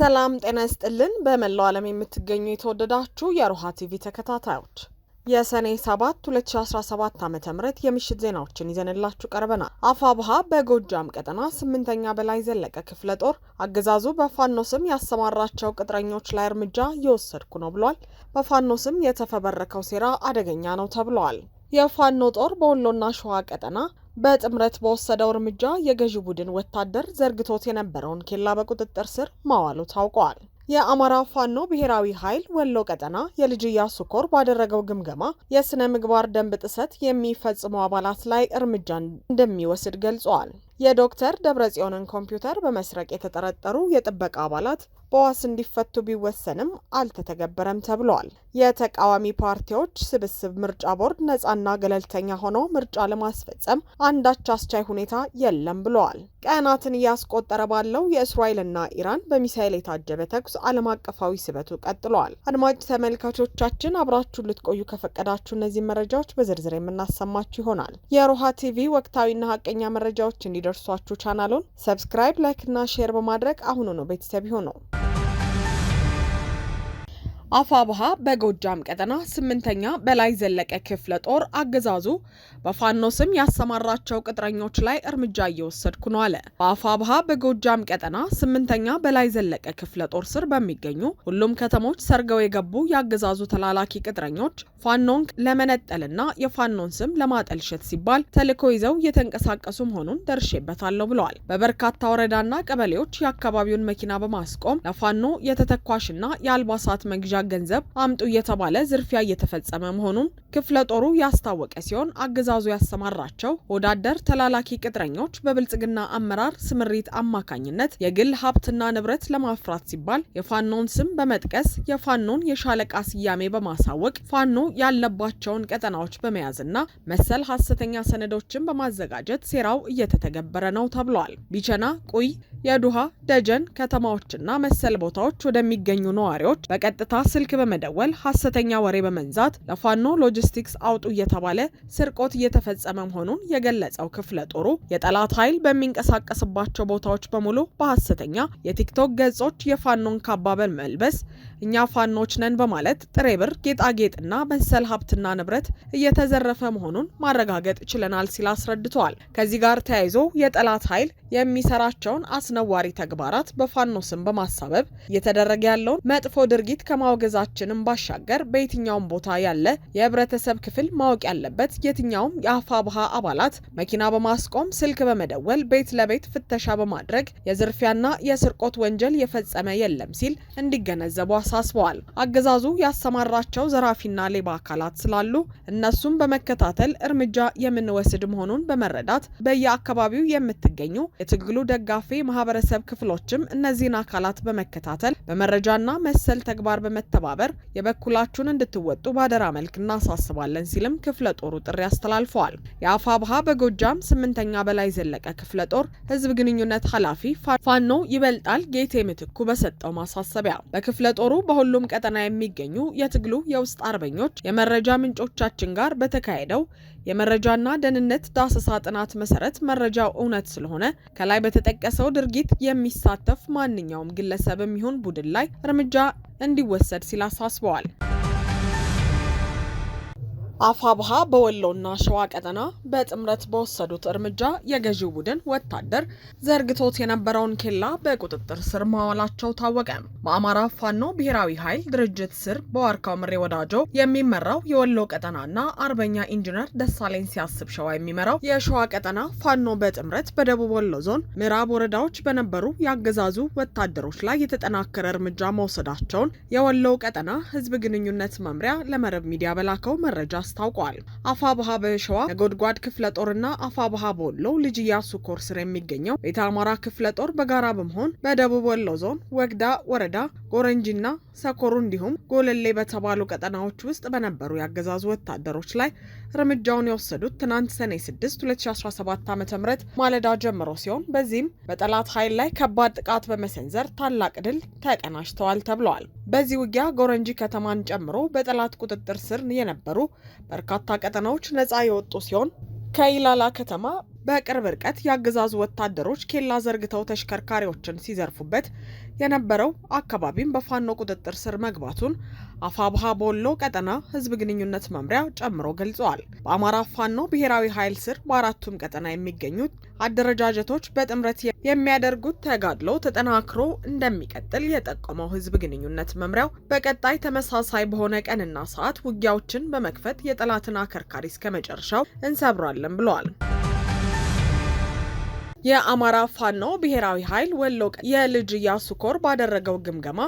ሰላም ጤና ይስጥልን። በመላው ዓለም የምትገኙ የተወደዳችሁ የሮሃ ቲቪ ተከታታዮች የሰኔ 7 2017 ዓ ም የምሽት ዜናዎችን ይዘንላችሁ ቀርበናል። አፋብሃ በጎጃም ቀጠና ስምንተኛ በላይ ዘለቀ ክፍለ ጦር አገዛዙ በፋኖ ስም ያሰማራቸው ቅጥረኞች ላይ እርምጃ እየወሰድኩ ነው ብሏል። በፋኖ ስም የተፈበረከው ሴራ አደገኛ ነው ተብለዋል። የፋኖ ጦር በወሎና ሸዋ ቀጠና በጥምረት በወሰደው እርምጃ የገዢ ቡድን ወታደር ዘርግቶት የነበረውን ኬላ በቁጥጥር ስር ማዋሉ ታውቋል። የአማራ ፋኖ ብሔራዊ ኃይል ወሎ ቀጠና የልጅ ኢያሱ ኮር ባደረገው ግምገማ የሥነ ምግባር ደንብ ጥሰት የሚፈጽሙ አባላት ላይ እርምጃ እንደሚወስድ ገልጿል። የዶክተር ደብረጽዮንን ኮምፒውተር በመስረቅ የተጠረጠሩ የጥበቃ አባላት በዋስ እንዲፈቱ ቢወሰንም አልተተገበረም ተብሏል። የተቃዋሚ ፓርቲዎች ስብስብ ምርጫ ቦርድ ነጻና ገለልተኛ ሆኖ ምርጫ ለማስፈጸም አንዳች አስቻይ ሁኔታ የለም ብለዋል። ቀናትን እያስቆጠረ ባለው የእስራኤልና ኢራን በሚሳይል የታጀበ ተኩስ ዓለም አቀፋዊ ስበቱ ቀጥሏል። አድማጭ ተመልካቾቻችን አብራችሁ ልትቆዩ ከፈቀዳችሁ እነዚህ መረጃዎች በዝርዝር የምናሰማችሁ ይሆናል። የሮሃ ቲቪ ወቅታዊና ሀቀኛ መረጃዎች እንዲደርሷችሁ ቻናሉን ሰብስክራይብ፣ ላይክና ሼር በማድረግ አሁኑ ነው ቤተሰብ ይሁኑ። አፋብሃ በጎጃም ቀጠና ስምንተኛ በላይ ዘለቀ ክፍለ ጦር አገዛዙ በፋኖ ስም ያሰማራቸው ቅጥረኞች ላይ እርምጃ እየወሰድኩ ነው አለ። በአፋብሃ በጎጃም ቀጠና ስምንተኛ በላይ ዘለቀ ክፍለ ጦር ስር በሚገኙ ሁሉም ከተሞች ሰርገው የገቡ የአገዛዙ ተላላኪ ቅጥረኞች ፋኖን ለመነጠልና የፋኖን ስም ለማጠልሸት ሲባል ተልዕኮ ይዘው እየተንቀሳቀሱ መሆኑን ደርሼበታለሁ ብለዋል። በበርካታ ወረዳና ቀበሌዎች የአካባቢውን መኪና በማስቆም ለፋኖ የተተኳሽና የአልባሳት መግዣ ገንዘብ አምጡ እየተባለ ዝርፊያ እየተፈጸመ መሆኑን ክፍለ ጦሩ ያስታወቀ ሲሆን አገዛዙ ያሰማራቸው ወዳደር ተላላኪ ቅጥረኞች በብልጽግና አመራር ስምሪት አማካኝነት የግል ሀብትና ንብረት ለማፍራት ሲባል የፋኖን ስም በመጥቀስ የፋኖን የሻለቃ ስያሜ በማሳወቅ ፋኖ ያለባቸውን ቀጠናዎች በመያዝና መሰል ሀሰተኛ ሰነዶችን በማዘጋጀት ሴራው እየተተገበረ ነው ተብሏል። ቢቸና፣ ቁይ፣ የዱሃ ደጀን ከተማዎችና መሰል ቦታዎች ወደሚገኙ ነዋሪዎች በቀጥታ ስልክ በመደወል ሀሰተኛ ወሬ በመንዛት ለፋኖ ሎጂ ሎጂስቲክስ አውጡ እየተባለ ስርቆት እየተፈጸመ መሆኑን የገለጸው ክፍለ ጦሩ የጠላት ኃይል በሚንቀሳቀስባቸው ቦታዎች በሙሉ በሀሰተኛ የቲክቶክ ገጾች የፋኖን ካባ በመልበስ እኛ ፋኖች ነን በማለት ጥሬ ብር፣ ጌጣጌጥና መሰል ሀብትና ንብረት እየተዘረፈ መሆኑን ማረጋገጥ ችለናል ሲል አስረድተዋል። ከዚህ ጋር ተያይዞ የጠላት ኃይል የሚሰራቸውን አስነዋሪ ተግባራት በፋኖ ስም በማሳበብ እየተደረገ ያለውን መጥፎ ድርጊት ከማውገዛችንም ባሻገር በየትኛውም ቦታ ያለ የህብረተሰብ ክፍል ማወቅ ያለበት የትኛውም የአፋብሃ አባላት መኪና በማስቆም ስልክ በመደወል ቤት ለቤት ፍተሻ በማድረግ የዝርፊያና የስርቆት ወንጀል የፈጸመ የለም ሲል እንዲገነዘቡ አሳስበዋል። አገዛዙ ያሰማራቸው ዘራፊና ሌባ አካላት ስላሉ እነሱም በመከታተል እርምጃ የምንወስድ መሆኑን በመረዳት በየአካባቢው የምትገኙ የትግሉ ደጋፊ ማህበረሰብ ክፍሎችም እነዚህን አካላት በመከታተል በመረጃና መሰል ተግባር በመተባበር የበኩላችሁን እንድትወጡ ባደራ መልክ እናሳስባለን ሲልም ክፍለ ጦሩ ጥሪ አስተላልፈዋል። የአፋ ብሃ በጎጃም ስምንተኛ በላይ ዘለቀ ክፍለ ጦር ህዝብ ግንኙነት ኃላፊ ፋኖ ይበልጣል ጌቴ ምትኩ በሰጠው ማሳሰቢያ በክፍለ ጦሩ በሁሉም ቀጠና የሚገኙ የትግሉ የውስጥ አርበኞች የመረጃ ምንጮቻችን ጋር በተካሄደው የመረጃና ደህንነት ዳሰሳ ጥናት መሰረት መረጃው እውነት ስለሆነ ከላይ በተጠቀሰው ድርጊት የሚሳተፍ ማንኛውም ግለሰብም ይሁን ቡድን ላይ እርምጃ እንዲወሰድ ሲል አሳስበዋል። አፋብሃ በወሎና ሸዋ ቀጠና በጥምረት በወሰዱት እርምጃ የገዢው ቡድን ወታደር ዘርግቶት የነበረውን ኬላ በቁጥጥር ስር ማዋላቸው ታወቀ። በአማራ ፋኖ ብሔራዊ ኃይል ድርጅት ስር በዋርካው ምሬ ወዳጆ የሚመራው የወሎ ቀጠናና አርበኛ ኢንጂነር ደሳለኝ ሲያስብ ሸዋ የሚመራው የሸዋ ቀጠና ፋኖ በጥምረት በደቡብ ወሎ ዞን ምዕራብ ወረዳዎች በነበሩ የአገዛዙ ወታደሮች ላይ የተጠናከረ እርምጃ መውሰዳቸውን የወሎ ቀጠና ህዝብ ግንኙነት መምሪያ ለመረብ ሚዲያ በላከው መረጃ አስታውቋል። አፋብሃ በሸዋ ነጎድጓድ ክፍለ ጦርና አፋብሃ በወሎ ልጅ ኢያሱ ኮር ስር የሚገኘው ቤተ አማራ ክፍለ ጦር በጋራ በመሆን በደቡብ ወሎ ዞን ወግዳ ወረዳ ጎረንጂና ሰኮሩ እንዲሁም ጎለሌ በተባሉ ቀጠናዎች ውስጥ በነበሩ የአገዛዙ ወታደሮች ላይ እርምጃውን የወሰዱት ትናንት ሰኔ 6 2017 ዓ ም ማለዳ ጀምሮ ሲሆን በዚህም በጠላት ኃይል ላይ ከባድ ጥቃት በመሰንዘር ታላቅ ድል ተቀናጅተዋል ተብለዋል። በዚህ ውጊያ ጎረንጂ ከተማን ጨምሮ በጠላት ቁጥጥር ስር የነበሩ በርካታ ቀጠናዎች ነፃ የወጡ ሲሆን ከኢላላ ከተማ በቅርብ ርቀት የአገዛዙ ወታደሮች ኬላ ዘርግተው ተሽከርካሪዎችን ሲዘርፉበት የነበረው አካባቢም በፋኖ ቁጥጥር ስር መግባቱን አፋብሃ ቦሎ ቀጠና ህዝብ ግንኙነት መምሪያ ጨምሮ ገልጸዋል። በአማራ ፋኖ ብሔራዊ ኃይል ስር በአራቱም ቀጠና የሚገኙት አደረጃጀቶች በጥምረት የሚያደርጉት ተጋድሎ ተጠናክሮ እንደሚቀጥል የጠቆመው ህዝብ ግንኙነት መምሪያው በቀጣይ ተመሳሳይ በሆነ ቀንና ሰዓት ውጊያዎችን በመክፈት የጠላትን አከርካሪ እስከ መጨረሻው እንሰብሯለን ብለዋል። የአማራ ፋኖ ብሔራዊ ኃይል ወሎ የልጅ ያሱኮር ባደረገው ግምገማ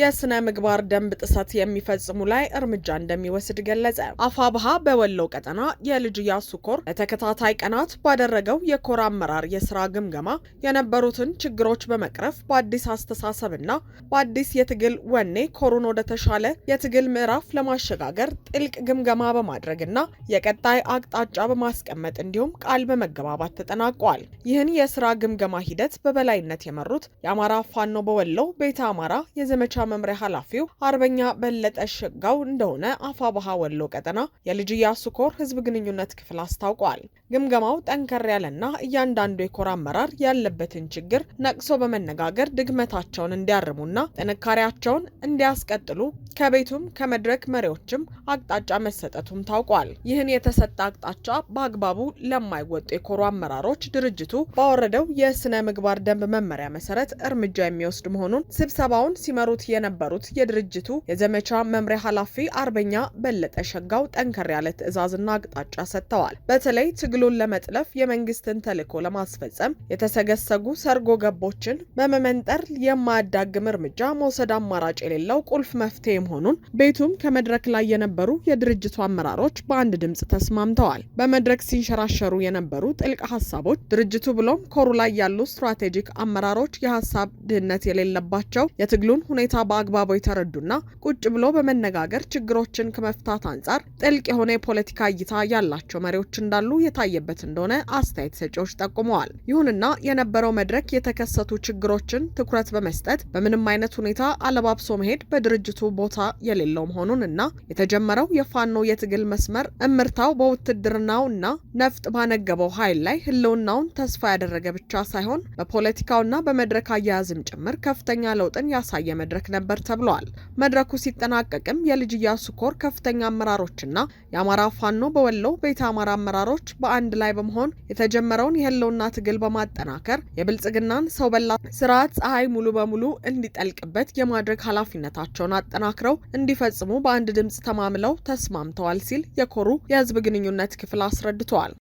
የስነ ምግባር ደንብ ጥሰት የሚፈጽሙ ላይ እርምጃ እንደሚወስድ ገለጸ። አፋብሃ በወሎ ቀጠና የልጅ ኢያሱ ኮር ለተከታታይ ቀናት ባደረገው የኮር አመራር የስራ ግምገማ የነበሩትን ችግሮች በመቅረፍ በአዲስ አስተሳሰብና በአዲስ የትግል ወኔ ኮሩን ወደ ተሻለ የትግል ምዕራፍ ለማሸጋገር ጥልቅ ግምገማ በማድረግና የቀጣይ አቅጣጫ በማስቀመጥ እንዲሁም ቃል በመገባባት ተጠናቋል። ይህን የስራ ግምገማ ሂደት በበላይነት የመሩት የአማራ ፋኖ በወሎ ቤተ አማራ የዘመቻ መምሪያ ኃላፊው አርበኛ በለጠ ሸጋው እንደሆነ አፋ ባሃ ወሎ ቀጠና የልጅያ ሱኮር ህዝብ ግንኙነት ክፍል አስታውቋል። ግምገማው ጠንከር ያለና እያንዳንዱ የኮር አመራር ያለበትን ችግር ነቅሶ በመነጋገር ድግመታቸውን እንዲያርሙና ጥንካሬያቸውን እንዲያስቀጥሉ ከቤቱም ከመድረክ መሪዎችም አቅጣጫ መሰጠቱም ታውቋል። ይህን የተሰጠ አቅጣጫ በአግባቡ ለማይወጡ የኮሩ አመራሮች ድርጅቱ ባወረደው የስነ ምግባር ደንብ መመሪያ መሰረት እርምጃ የሚወስድ መሆኑን ስብሰባውን ሲመሩት የነበሩት የድርጅቱ የዘመቻ መምሪያ ኃላፊ አርበኛ በለጠ ሸጋው ጠንከር ያለ ትዕዛዝና አቅጣጫ ሰጥተዋል። በተለይ ትግሉ ትግሉን ለመጥለፍ የመንግስትን ተልዕኮ ለማስፈጸም የተሰገሰጉ ሰርጎ ገቦችን በመመንጠር የማያዳግም እርምጃ መውሰድ አማራጭ የሌለው ቁልፍ መፍትሄ መሆኑን ቤቱም ከመድረክ ላይ የነበሩ የድርጅቱ አመራሮች በአንድ ድምፅ ተስማምተዋል። በመድረክ ሲንሸራሸሩ የነበሩ ጥልቅ ሀሳቦች ድርጅቱ ብሎም ኮሩ ላይ ያሉ ስትራቴጂክ አመራሮች የሀሳብ ድህነት የሌለባቸው የትግሉን ሁኔታ በአግባቡ የተረዱና ቁጭ ብሎ በመነጋገር ችግሮችን ከመፍታት አንጻር ጥልቅ የሆነ የፖለቲካ እይታ ያላቸው መሪዎች እንዳሉ የታየ የታየበት እንደሆነ አስተያየት ሰጪዎች ጠቁመዋል። ይሁንና የነበረው መድረክ የተከሰቱ ችግሮችን ትኩረት በመስጠት በምንም አይነት ሁኔታ አለባብሶ መሄድ በድርጅቱ ቦታ የሌለው መሆኑን እና የተጀመረው የፋኖ የትግል መስመር እምርታው በውትድርናው እና ነፍጥ ባነገበው ኃይል ላይ ህልውናውን ተስፋ ያደረገ ብቻ ሳይሆን በፖለቲካውና በመድረክ አያያዝም ጭምር ከፍተኛ ለውጥን ያሳየ መድረክ ነበር ተብሏል። መድረኩ ሲጠናቀቅም የልጅ ኢያሱ ኮር ከፍተኛ አመራሮችና የአማራ ፋኖ በወሎ ቤተ አማራ አመራሮች በአ አንድ ላይ በመሆን የተጀመረውን የህልውና ትግል በማጠናከር የብልጽግናን ሰው በላ ስርዓት ፀሐይ ሙሉ በሙሉ እንዲጠልቅበት የማድረግ ኃላፊነታቸውን አጠናክረው እንዲፈጽሙ በአንድ ድምፅ ተማምለው ተስማምተዋል ሲል የኮሩ የህዝብ ግንኙነት ክፍል አስረድተዋል።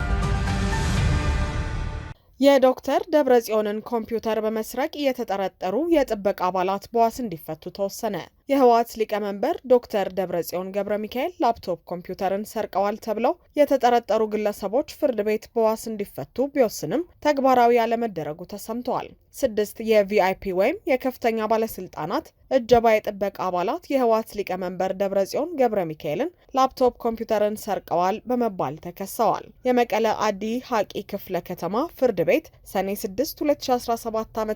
የዶክተር ደብረጽዮንን ኮምፒውተር በመስረቅ እየተጠረጠሩ የጥበቃ አባላት በዋስ እንዲፈቱ ተወሰነ። የህወሓት ሊቀመንበር ዶክተር ደብረጽዮን ገብረ ሚካኤል ላፕቶፕ ኮምፒውተርን ሰርቀዋል ተብለው የተጠረጠሩ ግለሰቦች ፍርድ ቤት በዋስ እንዲፈቱ ቢወስንም ተግባራዊ ያለመደረጉ ተሰምተዋል። ስድስት የቪአይፒ ወይም የከፍተኛ ባለስልጣናት እጀባ የጥበቃ አባላት የህወሓት ሊቀመንበር ደብረጽዮን ገብረ ሚካኤልን ላፕቶፕ ኮምፒውተርን ሰርቀዋል በመባል ተከሰዋል። የመቀለ አዲ ሀቂ ክፍለ ከተማ ፍርድ ቤት ሰኔ 6 2017 ዓ ም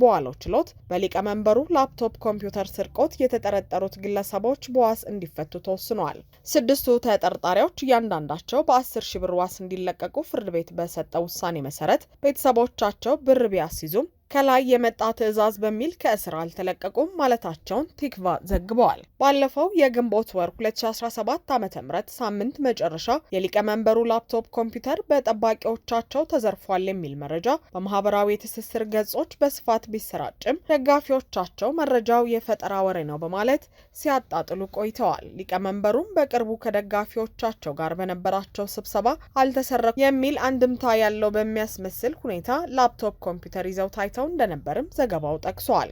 በዋለው ችሎት በሊቀመንበሩ ላፕቶፕ ኮምፒውተር ስርቆት የተጠረጠሩት ግለሰቦች በዋስ እንዲፈቱ ተወስኗል። ስድስቱ ተጠርጣሪዎች እያንዳንዳቸው በአስር ሺ ብር ዋስ እንዲለቀቁ ፍርድ ቤት በሰጠው ውሳኔ መሰረት ቤተሰቦቻቸው ብር ቢያስይዙም ከላይ የመጣ ትዕዛዝ በሚል ከእስር አልተለቀቁም ማለታቸውን ቲክቫ ዘግበዋል። ባለፈው የግንቦት ወር 2017 ዓ ም ሳምንት መጨረሻ የሊቀመንበሩ ላፕቶፕ ኮምፒውተር በጠባቂዎቻቸው ተዘርፏል የሚል መረጃ በማህበራዊ የትስስር ገጾች በስፋት ቢሰራጭም ደጋፊዎቻቸው መረጃው የፈጠራ ወሬ ነው በማለት ሲያጣጥሉ ቆይተዋል። ሊቀመንበሩም በቅርቡ ከደጋፊዎቻቸው ጋር በነበራቸው ስብሰባ አልተሰረ የሚል አንድምታ ያለው በሚያስመስል ሁኔታ ላፕቶፕ ኮምፒውተር ይዘው ታይተው ተይዘው እንደነበርም ዘገባው ጠቅሷል።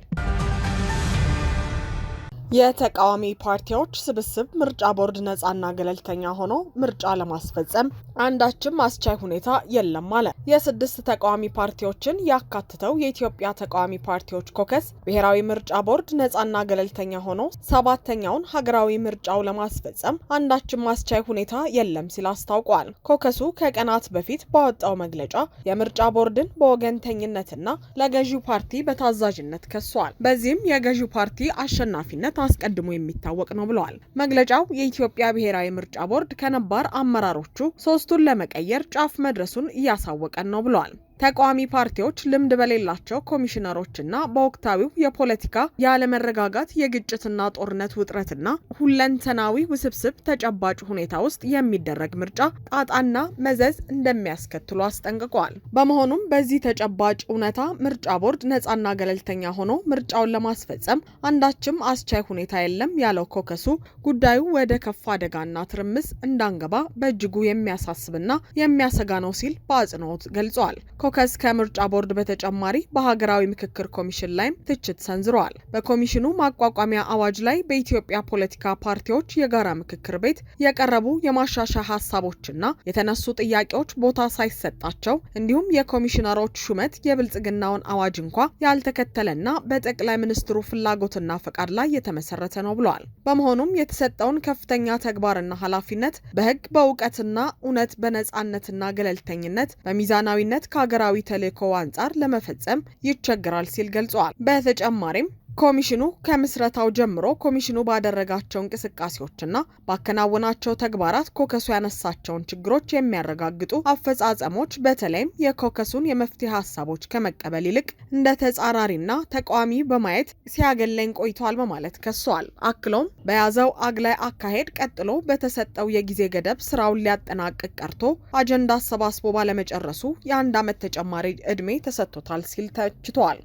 የተቃዋሚ ፓርቲዎች ስብስብ ምርጫ ቦርድ ነጻና ገለልተኛ ሆኖ ምርጫ ለማስፈጸም አንዳችም አስቻይ ሁኔታ የለም አለ። የስድስት ተቃዋሚ ፓርቲዎችን ያካትተው የኢትዮጵያ ተቃዋሚ ፓርቲዎች ኮከስ ብሔራዊ ምርጫ ቦርድ ነጻና ገለልተኛ ሆኖ ሰባተኛውን ሀገራዊ ምርጫው ለማስፈጸም አንዳችም አስቻይ ሁኔታ የለም ሲል አስታውቋል። ኮከሱ ከቀናት በፊት ባወጣው መግለጫ የምርጫ ቦርድን በወገንተኝነትና ለገዢው ፓርቲ በታዛዥነት ከሷል። በዚህም የገዢው ፓርቲ አሸናፊነት አስቀድሞ የሚታወቅ ነው ብለዋል። መግለጫው የኢትዮጵያ ብሔራዊ ምርጫ ቦርድ ከነባር አመራሮቹ ሶስቱን ለመቀየር ጫፍ መድረሱን እያሳወቀን ነው ብለዋል። ተቃዋሚ ፓርቲዎች ልምድ በሌላቸው ኮሚሽነሮችና በወቅታዊው የፖለቲካ ያለመረጋጋት የግጭትና ጦርነት ውጥረትና ሁለንተናዊ ውስብስብ ተጨባጭ ሁኔታ ውስጥ የሚደረግ ምርጫ ጣጣና መዘዝ እንደሚያስከትሉ አስጠንቅቀዋል። በመሆኑም በዚህ ተጨባጭ እውነታ ምርጫ ቦርድ ነጻና ገለልተኛ ሆኖ ምርጫውን ለማስፈጸም አንዳችም አስቻይ ሁኔታ የለም ያለው ኮከሱ ጉዳዩ ወደ ከፍ አደጋና ትርምስ እንዳንገባ በእጅጉ የሚያሳስብና የሚያሰጋ ነው ሲል በአጽንኦት ገልጿል። ቶከስ ከምርጫ ቦርድ በተጨማሪ በሀገራዊ ምክክር ኮሚሽን ላይም ትችት ሰንዝረዋል። በኮሚሽኑ ማቋቋሚያ አዋጅ ላይ በኢትዮጵያ ፖለቲካ ፓርቲዎች የጋራ ምክክር ቤት የቀረቡ የማሻሻያ ሀሳቦችና የተነሱ ጥያቄዎች ቦታ ሳይሰጣቸው እንዲሁም የኮሚሽነሮች ሹመት የብልጽግናውን አዋጅ እንኳ ያልተከተለና በጠቅላይ ሚኒስትሩ ፍላጎትና ፈቃድ ላይ የተመሰረተ ነው ብለዋል። በመሆኑም የተሰጠውን ከፍተኛ ተግባርና ኃላፊነት በሕግ በእውቀትና እውነት በነጻነትና ገለልተኝነት በሚዛናዊነት ከሀገራ ከብሔራዊ ተልእኮ አንጻር ለመፈጸም ይቸግራል ሲል ገልጿል። በተጨማሪም ኮሚሽኑ ከምስረታው ጀምሮ ኮሚሽኑ ባደረጋቸው እንቅስቃሴዎችና ባከናወናቸው ተግባራት ኮከሱ ያነሳቸውን ችግሮች የሚያረጋግጡ አፈጻጸሞች በተለይም የኮከሱን የመፍትሄ ሀሳቦች ከመቀበል ይልቅ እንደ ተጻራሪና ተቃዋሚ በማየት ሲያገለኝ ቆይቷል በማለት ከሷል። አክሎም በያዘው አግላይ አካሄድ ቀጥሎ በተሰጠው የጊዜ ገደብ ስራውን ሊያጠናቅቅ ቀርቶ አጀንዳ አሰባስቦ ባለመጨረሱ የአንድ ዓመት ተጨማሪ እድሜ ተሰጥቶታል ሲል ተችቷል።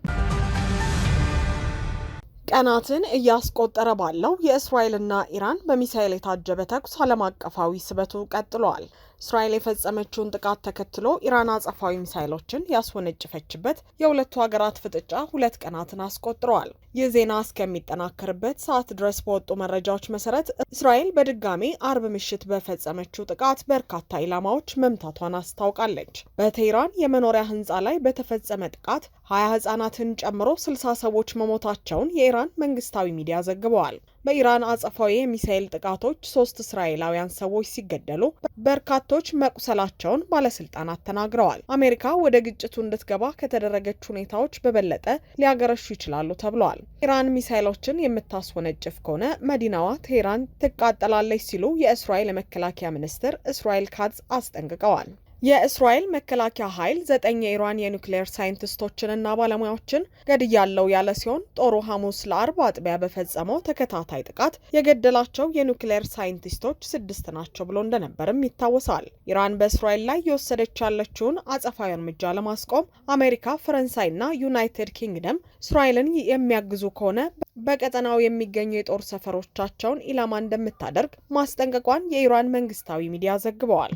ቀናትን እያስቆጠረ ባለው የእስራኤልና ኢራን በሚሳኤል የታጀበ ተኩስ ዓለም አቀፋዊ ስበቱ ቀጥሏል። እስራኤል የፈጸመችውን ጥቃት ተከትሎ ኢራን አጸፋዊ ሚሳይሎችን ያስወነጭፈችበት የሁለቱ ሀገራት ፍጥጫ ሁለት ቀናትን አስቆጥረዋል። ይህ ዜና እስከሚጠናከርበት ሰዓት ድረስ በወጡ መረጃዎች መሰረት እስራኤል በድጋሜ አርብ ምሽት በፈጸመችው ጥቃት በርካታ ኢላማዎች መምታቷን አስታውቃለች። በቴህራን የመኖሪያ ህንፃ ላይ በተፈጸመ ጥቃት ሀያ ህጻናትን ጨምሮ ስልሳ ሰዎች መሞታቸውን የኢራን መንግስታዊ ሚዲያ ዘግበዋል። በኢራን አጸፋዊ የሚሳኤል ጥቃቶች ሶስት እስራኤላውያን ሰዎች ሲገደሉ በርካቶች መቁሰላቸውን ባለስልጣናት ተናግረዋል። አሜሪካ ወደ ግጭቱ እንድትገባ ከተደረገች ሁኔታዎች በበለጠ ሊያገረሹ ይችላሉ ተብለዋል። ኢራን ሚሳይሎችን የምታስወነጭፍ ከሆነ መዲናዋ ቴህራን ትቃጠላለች ሲሉ የእስራኤል የመከላከያ ሚኒስትር እስራኤል ካትዝ አስጠንቅቀዋል። የእስራኤል መከላከያ ኃይል ዘጠኝ የኢራን የኒውክሌር ሳይንቲስቶችንና ባለሙያዎችን ገድያለው ያለ ሲሆን ጦሩ ሐሙስ ለአርብ አጥቢያ በፈጸመው ተከታታይ ጥቃት የገደላቸው የኒውክሌር ሳይንቲስቶች ስድስት ናቸው ብሎ እንደነበርም ይታወሳል። ኢራን በእስራኤል ላይ የወሰደች ያለችውን አጸፋዊ እርምጃ ለማስቆም አሜሪካ፣ ፈረንሳይና ዩናይትድ ኪንግደም እስራኤልን የሚያግዙ ከሆነ በቀጠናው የሚገኙ የጦር ሰፈሮቻቸውን ኢላማ እንደምታደርግ ማስጠንቀቋን የኢራን መንግስታዊ ሚዲያ ዘግበዋል።